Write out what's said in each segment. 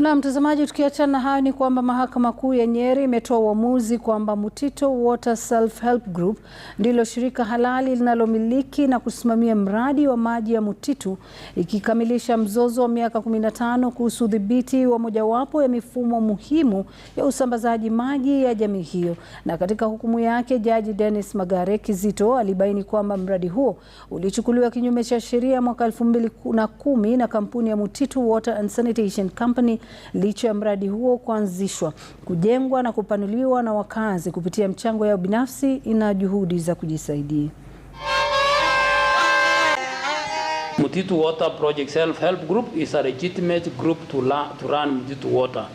Na mtazamaji, tukiachana na hayo ni kwamba mahakama kuu ya Nyeri imetoa uamuzi kwamba Mutito Water Self Help Group ndilo shirika halali linalomiliki na kusimamia mradi wa maji ya Mutitu, ikikamilisha mzozo wa miaka 15 kuhusu udhibiti wa mojawapo ya mifumo muhimu ya usambazaji maji ya jamii hiyo. Na katika hukumu yake, Jaji Dennis Magare Kizito alibaini kwamba mradi huo ulichukuliwa kinyume cha sheria mwaka 2010 na kampuni ya mutito Water and Sanitation Company Licha ya mradi huo kuanzishwa, kujengwa na kupanuliwa na wakazi kupitia mchango yao binafsi, ina juhudi za kujisaidia. Mutitu Water Project Self-Help Group is a legitimate group to, la to run Mutitu Water.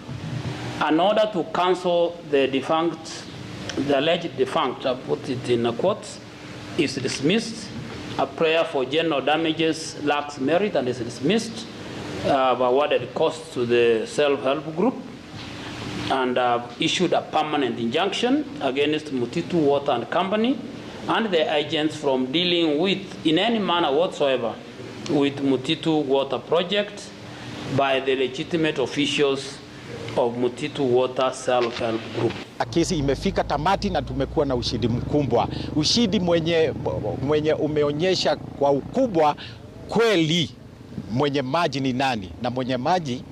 In order to cancel the defunct, the alleged defunct, I put it in a quote, is dismissed. A prayer for general damages lacks merit and is dismissed uh, awarded costs to the self-help group and uh, issued a permanent injunction against Mutitu Water and Company and the agents from dealing with, in any manner whatsoever, with Mutitu Water Project by the legitimate officials of Mutitu Water Self Help Group. Kesi imefika tamati na tumekuwa na ushindi mkubwa, ushindi mwenye, mwenye umeonyesha kwa ukubwa kweli mwenye maji ni nani, na mwenye maji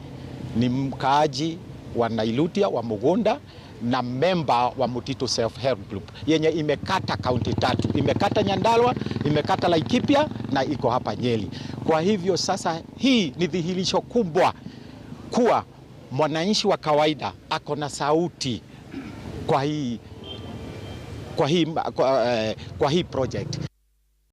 ni mkaaji wa Nailutia wa Mugunda na memba wa Mutito Self Help Group yenye imekata kaunti tatu, imekata Nyandalwa, imekata Laikipia na iko hapa Nyeri. Kwa hivyo sasa, hii ni dhihirisho kubwa kuwa mwananchi wa kawaida ako na sauti kwa hii, kwa hii, kwa, eh, kwa hii project.